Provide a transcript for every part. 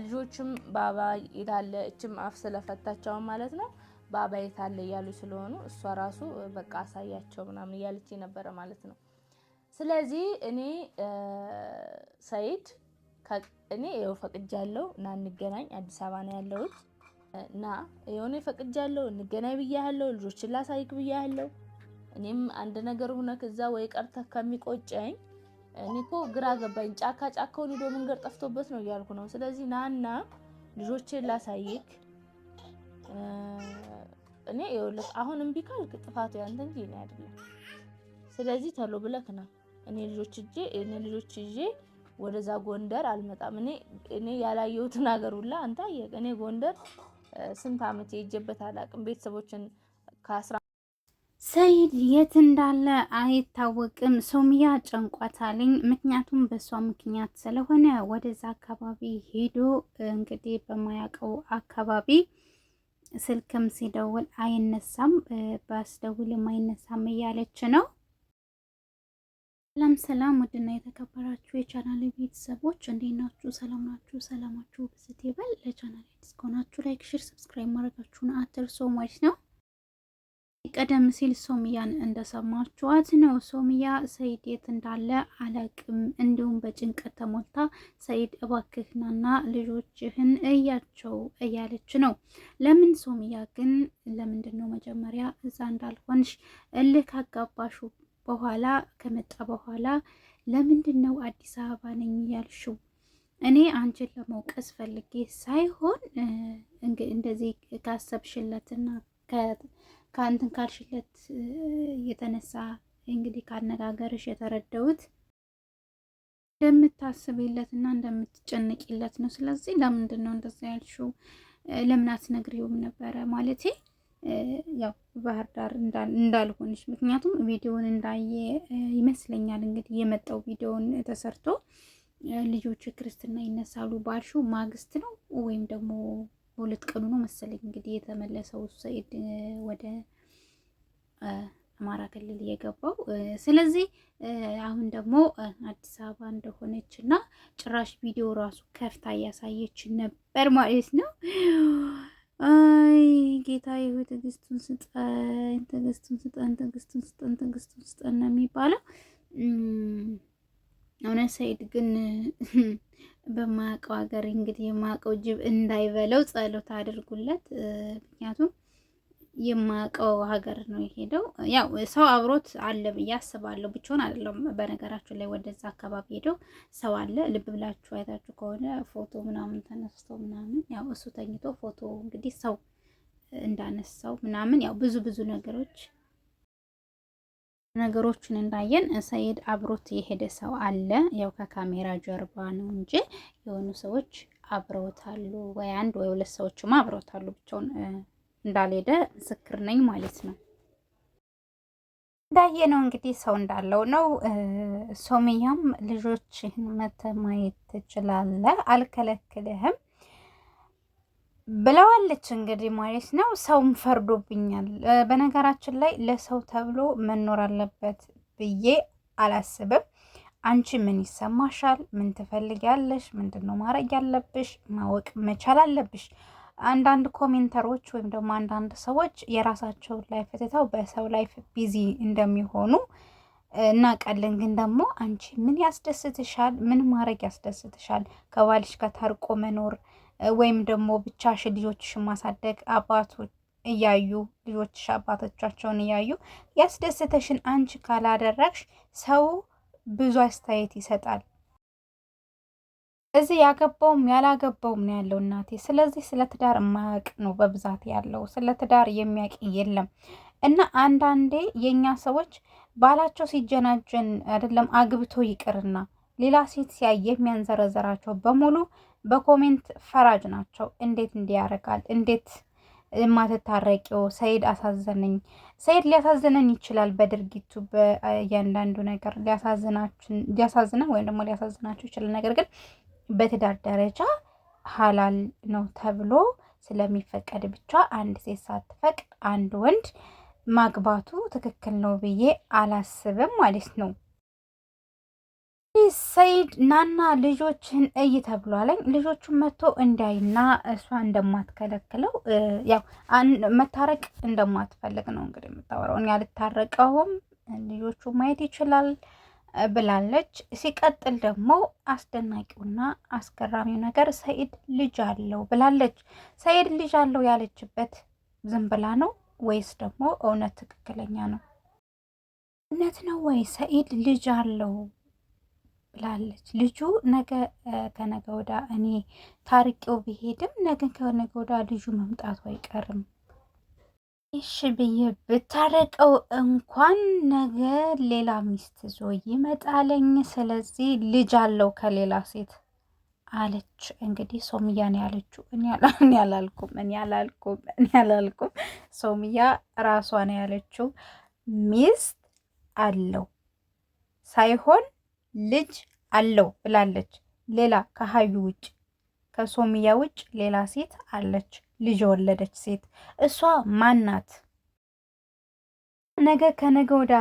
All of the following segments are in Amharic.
ልጆችም ባባ ይላለ እችም አፍ ስለፈታቸው ማለት ነው። ባባ የታለ እያሉ ስለሆኑ እሷ ራሱ በቃ አሳያቸው ምናምን እያለች ነበረ ማለት ነው። ስለዚህ እኔ ሰይድ እኔ ይኸው ፈቅጃለሁ፣ ና እንገናኝ፣ አዲስ አበባ ነው ያለሁት፣ ና የሆነ ፈቅጃለሁ፣ እንገናኝ ብያለሁ፣ ልጆችን ላሳይክ ብያለሁ። እኔም አንድ ነገር ሆነ ከዛ ወይ ቀርተህ ከሚቆጨኝ እኔ ግራ ገባኝ። ጫካ ጫካውን ሄዶ መንገድ ጠፍቶበት ነው እያልኩ ነው። ስለዚህ ናና ልጆቼን ላሳይክ። እኔ ይኸውልህ አሁን እምቢ ካልክ ጥፋቱ ያንተ እንጂ እኔ አይደለም። ስለዚህ ተሎ ብለክ ነው እኔ ልጆች እጄ እኔ ልጆች እጄ ወደዛ ጎንደር አልመጣም። እኔ እኔ ያላየሁትን ሀገር ሁላ አንተ አየህ። እኔ ጎንደር ስንት ዓመት ሄጄበት አላውቅም። ቤተሰቦችን ከአስራ ሰይድ የት እንዳለ አይታወቅም። ሶሚያ ጨንቋታልኝ። ምክንያቱም በእሷ ምክንያት ስለሆነ ወደዛ አካባቢ ሄዶ እንግዲህ በማያውቀው አካባቢ ስልክም ሲደውል አይነሳም፣ ባስደውልም አይነሳም እያለች ነው። ሰላም ሰላም፣ ውድና የተከበራችሁ የቻናል ቤተሰቦች እንዴት ናችሁ? ሰላም ናችሁ? ሰላማችሁ ብዝት ይበል። ለቻናል ቤት ከሆናችሁ ላይክ፣ ሽር፣ ሰብስክራይብ ማድረጋችሁን አትርሶ ማለት ነው ቀደም ሲል ሶምያን እንደሰማችኋት ነው። ሶምያ ሰይድ የት እንዳለ አላቅም፣ እንዲሁም በጭንቀት ተሞልታ ሰይድ እባክህናና ልጆችህን እያቸው እያለች ነው። ለምን ሶምያ ግን ለምንድን ነው መጀመሪያ እዛ እንዳልሆንሽ እልህ ካጋባሹ በኋላ ከመጣ በኋላ ለምንድን ነው አዲስ አበባ ነኝ ያልሽው? እኔ አንቺን ለመውቀስ ፈልጌ ሳይሆን እንደዚህ ካሰብሽለትና ከአንተን ካልሽለት የተነሳ እንግዲህ ካነጋገርሽ የተረዳሁት እንደምታስብለት እና እንደምትጨነቂለት ነው። ስለዚህ ለምንድን ነው እንደዛ ያልሽው? ለምን አትነግሪውም ነበረ? ማለቴ ያው ባህር ዳር እንዳልሆንሽ ምክንያቱም ቪዲዮውን እንዳየ ይመስለኛል። እንግዲህ የመጣው ቪዲዮውን ተሰርቶ ልጆች ክርስትና ይነሳሉ ባልሽው ማግስት ነው ወይም ደግሞ በሁለት ቀኑ ነው መሰለኝ እንግዲህ የተመለሰው ሰኢድ ወደ አማራ ክልል የገባው። ስለዚህ አሁን ደግሞ አዲስ አበባ እንደሆነች እና ጭራሽ ቪዲዮ ራሱ ከፍታ እያሳየች ነበር ማለት ነው። አይ ጌታ ሆይ ትዕግስቱን ስጠን፣ ትዕግስቱን ስጠን፣ ትዕግስቱን ስጠን፣ ትዕግስቱን ስጠን ነው የሚባለው። እውነት ሰይድ ግን በማያውቀው ሀገር እንግዲህ የማያውቀው ጅብ እንዳይበለው ጸሎት አድርጉለት። ምክንያቱም የማያውቀው ሀገር ነው የሄደው። ያው ሰው አብሮት አለ ብዬ አስባለሁ። ብቻውን አይደለም። በነገራችን ላይ ወደዛ አካባቢ ሄደው ሰው አለ። ልብ ብላችሁ አይታችሁ ከሆነ ፎቶ ምናምን ተነስቶ ምናምን ያው እሱ ተኝቶ ፎቶ እንግዲህ ሰው እንዳነሳው ምናምን ያው ብዙ ብዙ ነገሮች ነገሮችን እንዳየን ሰይድ አብሮት የሄደ ሰው አለ። ያው ከካሜራ ጀርባ ነው እንጂ የሆኑ ሰዎች አብረውታሉ፣ ወይ አንድ ወይ ሁለት ሰዎችማ አብረውታሉ። ብቻውን እንዳልሄደ ምስክር ነኝ ማለት ነው። እንዳየ ነው እንግዲህ ሰው እንዳለው ነው። ሶምያም ልጆችህን መተህ ማየት ትችላለህ፣ አልከለክልህም ብለዋለች እንግዲህ ማለት ነው። ሰውም ፈርዶብኛል። በነገራችን ላይ ለሰው ተብሎ መኖር አለበት ብዬ አላስብም። አንቺ ምን ይሰማሻል? ምን ትፈልጊያለሽ? ምንድን ነው ማድረግ ያለብሽ? ማወቅ መቻል አለብሽ። አንዳንድ ኮሜንተሮች ወይም ደግሞ አንዳንድ ሰዎች የራሳቸውን ላይፍ ትተው በሰው ላይፍ ቢዚ እንደሚሆኑ እናውቃለን። ግን ደግሞ አንቺ ምን ያስደስትሻል? ምን ማድረግ ያስደስትሻል? ከባልሽ ጋር ታርቆ መኖር ወይም ደግሞ ብቻሽ ልጆችሽ ማሳደግ አባቶች እያዩ ልጆችሽ አባቶቻቸውን እያዩ ያስደሰተሽን አንቺ ካላደረግሽ ሰው ብዙ አስተያየት ይሰጣል። እዚህ ያገባውም ያላገባውም ነው ያለው እናቴ። ስለዚህ ስለ ትዳር የማያውቅ ነው በብዛት ያለው፣ ስለ ትዳር የሚያውቅ የለም። እና አንዳንዴ የእኛ ሰዎች ባላቸው ሲጀናጀን አይደለም አግብቶ ይቅርና ሌላ ሴት ሲያይ የሚያንዘረዘራቸው በሙሉ በኮሜንት ፈራጅ ናቸው። እንዴት እንዲያረጋል? እንዴት የማትታረቂው ሰይድ አሳዘነኝ። ሰይድ ሊያሳዝነን ይችላል በድርጊቱ በእያንዳንዱ ነገር ሊያሳዝነን ወይም ደግሞ ሊያሳዝናቸው ይችላል። ነገር ግን በትዳር ደረጃ ሀላል ነው ተብሎ ስለሚፈቀድ ብቻ አንድ ሴት ሳትፈቅድ አንድ ወንድ ማግባቱ ትክክል ነው ብዬ አላስብም ማለት ነው። ሰይድ ናና ልጆችን እይ ተብሏለኝ። ልጆቹን መጥቶ እንዳይና እሷ እንደማትከለክለው ያው መታረቅ እንደማትፈልግ ነው እንግዲህ የምታወራው። እኔ አልታረቀውም ልጆቹ ማየት ይችላል ብላለች። ሲቀጥል ደግሞ አስደናቂውና አስገራሚው ነገር ሰይድ ልጅ አለው ብላለች። ሰይድ ልጅ አለው ያለችበት ዝም ብላ ነው ወይስ ደግሞ እውነት ትክክለኛ ነው? እውነት ነው ወይ ሰይድ ልጅ አለው ብላለች። ልጁ ነገ ከነገ ወዳ እኔ ታርቄው ብሄድም ነገ ከነገ ወዳ ልጁ መምጣቱ አይቀርም። እሺ ብዬ ብታረቀው እንኳን ነገ ሌላ ሚስት ዞ ይመጣለኝ። ስለዚህ ልጅ አለው ከሌላ ሴት አለች። እንግዲህ ሶምያ ነው ያለችው። እኔ ያላልኩም እኔ ያላልኩም እኔ ያላልኩም ሶምያ ራሷ ነው ያለችው። ሚስት አለው ሳይሆን ልጅ አለው ብላለች። ሌላ ከሀዩ ውጭ ከሶምያ ውጭ ሌላ ሴት አለች፣ ልጅ የወለደች ሴት። እሷ ማን ናት? ነገ ከነገ ወዳ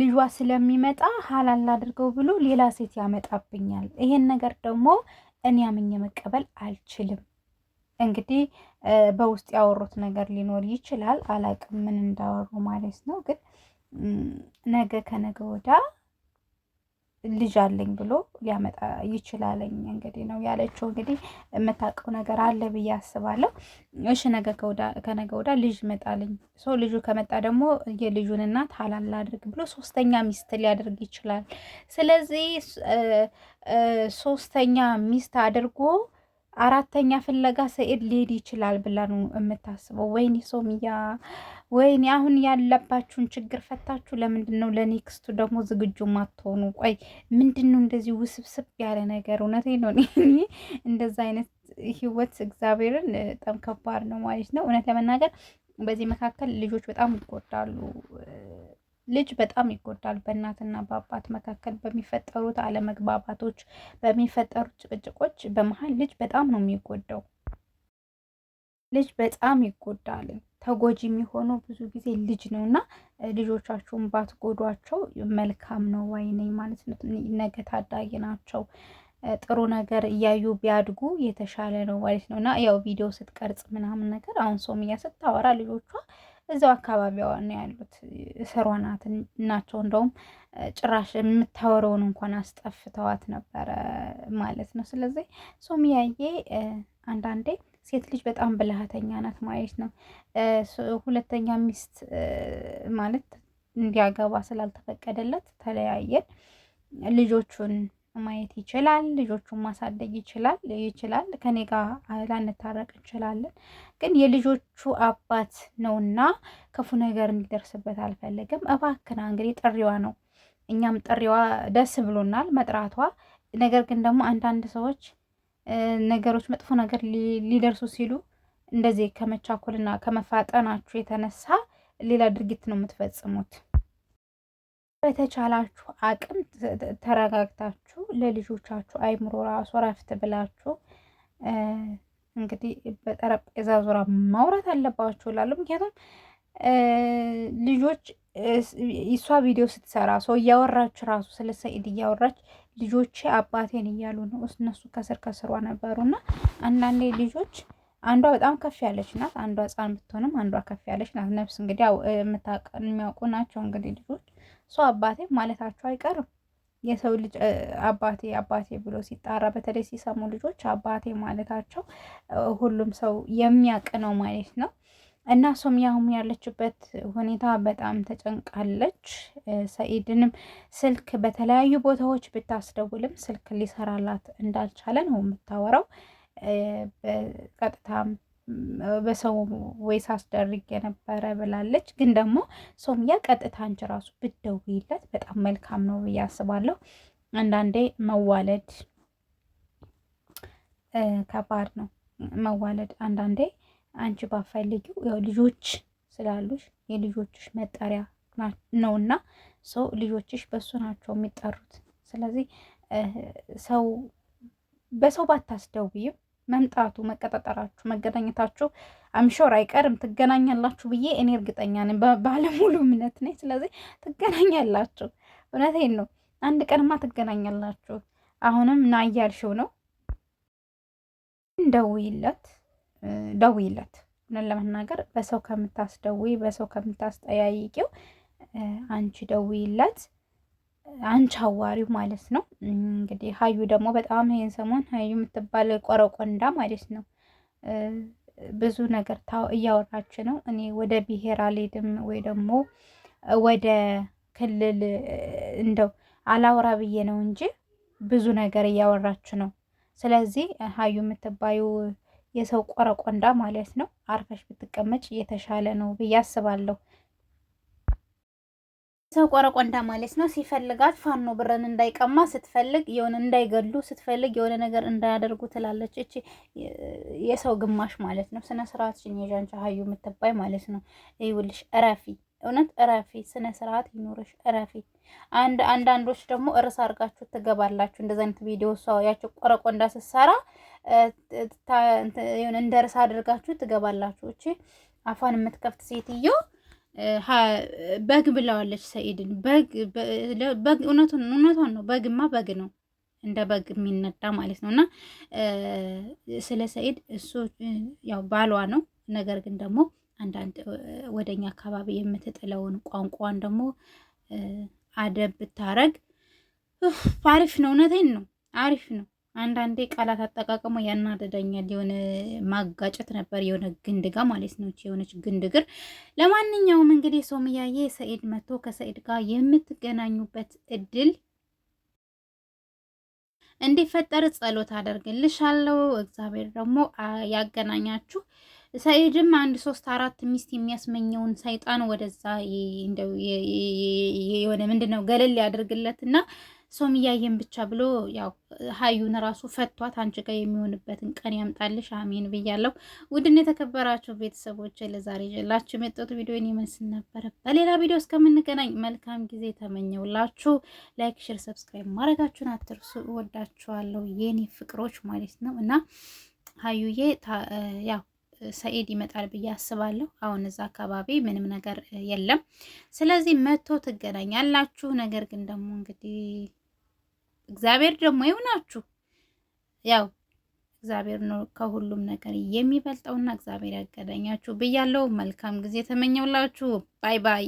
ልጇ ስለሚመጣ ሀላል አድርገው ብሎ ሌላ ሴት ያመጣብኛል። ይሄን ነገር ደግሞ እኔ አምኜ መቀበል አልችልም። እንግዲህ በውስጥ ያወሩት ነገር ሊኖር ይችላል። አላቅም ምን እንዳወሩ ማለት ነው። ግን ነገ ከነገ ወዳ ልጅ አለኝ ብሎ ሊያመጣ ይችላለኝ እንግዲህ ነው ያለችው። እንግዲህ የምታውቀው ነገር አለ ብዬ አስባለሁ። እሺ ነገ ከነገ ወዳ ልጅ ይመጣልኝ ሰው ልጁ ከመጣ ደግሞ የልጁን እናት ሐላል አድርግ ብሎ ሶስተኛ ሚስት ሊያደርግ ይችላል። ስለዚህ ሶስተኛ ሚስት አድርጎ አራተኛ ፍለጋ ሰኤድ ሊሄድ ይችላል ብላ ነው የምታስበው። ወይኔ ሶምያ፣ ወይኔ አሁን ያለባችሁን ችግር ፈታችሁ ለምንድን ነው ለኔክስቱ ደግሞ ዝግጁ ማትሆኑ? ቆይ ምንድን ነው እንደዚህ ውስብስብ ያለ ነገር? እውነቴ ነው እኔ እንደዛ አይነት ህይወት እግዚአብሔርን በጣም ከባድ ነው ማለት ነው። እውነት ለመናገር በዚህ መካከል ልጆች በጣም ይጎዳሉ። ልጅ በጣም ይጎዳል። በእናትና በአባት መካከል በሚፈጠሩት አለመግባባቶች፣ በሚፈጠሩት ጭቅጭቆች በመሀል ልጅ በጣም ነው የሚጎዳው። ልጅ በጣም ይጎዳል። ተጎጂ የሚሆነው ብዙ ጊዜ ልጅ ነው እና ልጆቻችሁን ባትጎዷቸው መልካም ነው ዋይነኝ ማለት ነገ ታዳጊ ናቸው። ጥሩ ነገር እያዩ ቢያድጉ የተሻለ ነው ማለት ነው እና ያው ቪዲዮ ስትቀርጽ ምናምን ነገር አሁን ሶምያ ስታወራ ልጆቿ እዛው አካባቢዋ ነው ያሉት። ስሯ ናት ናቸው። እንደውም ጭራሽ የምታወረውን እንኳን አስጠፍተዋት ነበረ ማለት ነው። ስለዚህ ሱመያዬ አንዳንዴ ሴት ልጅ በጣም ብልሃተኛ ናት ማለት ነው። ሁለተኛ ሚስት ማለት እንዲያገባ ስላልተፈቀደለት ተለያየን ልጆቹን ማየት ይችላል። ልጆቹን ማሳደግ ይችላል ይችላል። ከኔ ጋር ላንታረቅ እንችላለን፣ ግን የልጆቹ አባት ነውና ክፉ ነገር እንዲደርስበት አልፈለግም። እባክና እንግዲህ ጥሪዋ ነው። እኛም ጥሪዋ ደስ ብሎናል መጥራቷ። ነገር ግን ደግሞ አንዳንድ ሰዎች ነገሮች መጥፎ ነገር ሊደርሱ ሲሉ እንደዚህ ከመቻኮልና ከመፋጠናችሁ የተነሳ ሌላ ድርጊት ነው የምትፈጽሙት። በተቻላችሁ አቅም ተረጋግታችሁ ለልጆቻችሁ አይምሮ ራሱ ረፍት ብላችሁ እንግዲህ በጠረጴዛ ዙሪያ ማውራት አለባችሁ እላለሁ። ምክንያቱም ልጆች እሷ ቪዲዮ ስትሰራ ሰው እያወራች ራሱ ስለ ሰኢድ እያወራች ልጆቼ አባቴን እያሉ ነው። እነሱ ከስር ከስሯ ነበሩና አንዳንዴ ልጆች አንዷ በጣም ከፍ ያለች ናት፣ አንዷ ሕፃን ብትሆንም አንዷ ከፍ ያለች ናት። ነፍስ እንግዲህ የሚያውቁ ናቸው እንግዲህ ልጆች ሰው አባቴ ማለታቸው አይቀርም። የሰው ልጅ አባቴ አባቴ ብሎ ሲጣራ በተለይ ሲሰሙ ልጆች አባቴ ማለታቸው ሁሉም ሰው የሚያውቅ ነው ማለት ነው። እና ሱመያ ያለችበት ሁኔታ በጣም ተጨንቃለች። ሰኢድንም ስልክ በተለያዩ ቦታዎች ብታስደውልም ስልክ ሊሰራላት እንዳልቻለ ነው የምታወራው። በቀጥታም በሰው ወይስ አስደርግ የነበረ ብላለች። ግን ደግሞ ሶምያ ቀጥታ አንቺ ራሱ ብትደውይለት በጣም መልካም ነው ብዬ አስባለሁ። አንዳንዴ መዋለድ ከባድ ነው መዋለድ። አንዳንዴ አንቺ ባፈልጊው ልጆች ስላሉሽ የልጆችሽ መጠሪያ እና ሰው ልጆችሽ በሱ ናቸው የሚጠሩት። ስለዚህ ሰው በሰው ባታስደውይም መምጣቱ መቀጣጠራችሁ፣ መገናኘታችሁ አምሾር አይቀርም ትገናኛላችሁ ብዬ እኔ እርግጠኛ ነኝ፣ ባለሙሉ እምነት ነኝ። ስለዚህ ትገናኛላችሁ፣ እውነቴን ነው። አንድ ቀንማ ትገናኛላችሁ። አሁንም ና እያልሽው ነው። ደውይለት፣ ደውይለት። እውነት ለመናገር በሰው ከምታስደውይ፣ በሰው ከምታስጠያይቂው አንቺ ደውይለት። አንቺ አዋሪው ማለት ነው። እንግዲህ ሀዩ ደግሞ በጣም ይሄን ሰሞን ሀዩ የምትባል ቆረቆንዳ ማለት ነው ብዙ ነገር እያወራች ነው። እኔ ወደ ብሔር አልሄድም ወይ ደግሞ ወደ ክልል እንደው አላውራ ብዬ ነው እንጂ ብዙ ነገር እያወራች ነው። ስለዚህ ሀዩ የምትባዩ የሰው ቆረቆንዳ ማለት ነው አርፈሽ ብትቀመጭ እየተሻለ ነው ብዬ አስባለሁ። ሰው ቆረቆንዳ ማለት ነው። ሲፈልጋት ፋኖ ብርን እንዳይቀማ ስትፈልግ የሆነ እንዳይገሉ ስትፈልግ የሆነ ነገር እንዳያደርጉ ትላለች። እቺ የሰው ግማሽ ማለት ነው። ስነ ስርዓት ሽኔዣንቻ ሀዩ የምትባይ ማለት ነው። ይውልሽ እረፊ፣ እውነት እረፊ፣ ስነ ስርዓት ይኖርሽ እረፊ። አንድ አንዳንዶች ደግሞ እርስ አድርጋችሁ ትገባላችሁ። እንደዚ አይነት ቪዲዮ ሰው ያቸው ቆረቆንዳ ስትሰራ እንደ እርስ አድርጋችሁ ትገባላችሁ። እቺ አፏን የምትከፍት ሴትዮ በግ ብለዋለች ሰኢድን። በግ እውነቱን እውነቷን ነው። በግማ በግ ነው እንደ በግ የሚነዳ ማለት ነው። እና ስለ ሰኢድ እሱ ያው ባሏ ነው። ነገር ግን ደግሞ አንዳንድ ወደኛ አካባቢ የምትጥለውን ቋንቋን ደግሞ አደብ ብታረግ አሪፍ ነው። እውነቴን ነው፣ አሪፍ ነው። አንዳንዴ ቃላት አጠቃቀሙ ያናደዳኛል። የሆነ ማጋጨት ነበር የሆነ ግንድጋ ማለት ነው የሆነች ግንድግር። ለማንኛውም እንግዲህ ሶምያዬ ሰኢድ መጥቶ ከሰኢድ ጋር የምትገናኙበት እድል እንዲፈጠር ጸሎት አደርግልሻለሁ። እግዚአብሔር ደግሞ ያገናኛችሁ። ሰኢድም አንድ ሶስት አራት ሚስት የሚያስመኘውን ሰይጣን ወደዛ የሆነ ምንድን ነው ገለል ያደርግለትና ሶም እያየን ብቻ ብሎ ያው ሀዩን ራሱ ፈቷት። አንቺ ጋር የሚሆንበትን ቀን ያምጣልሽ አሜን ብያለሁ። ውድን የተከበራችሁ ቤተሰቦች ለዛሬ ይዤላችሁ የመጣሁት ቪዲዮን ይመስል ነበረ። በሌላ ቪዲዮ እስከምንገናኝ መልካም ጊዜ ተመኘውላችሁ። ላይክ፣ ሼር፣ ሰብስክራይብ ማድረጋችሁን አትርሱ። እወዳችኋለሁ የኔ ፍቅሮች ማለት ነው እና ሀዩዬ ያው ሰኢድ ይመጣል ብዬ አስባለሁ። አሁን እዛ አካባቢ ምንም ነገር የለም። ስለዚህ መጥቶ ትገናኛላችሁ። ነገር ግን ደግሞ እንግዲህ እግዚአብሔር ደግሞ ይሁናችሁ። ያው እግዚአብሔር ነው ከሁሉም ነገር የሚበልጠውና እግዚአብሔር ያገናኛችሁ ብያለሁ። መልካም ጊዜ ተመኘውላችሁ። ባይ ባይ።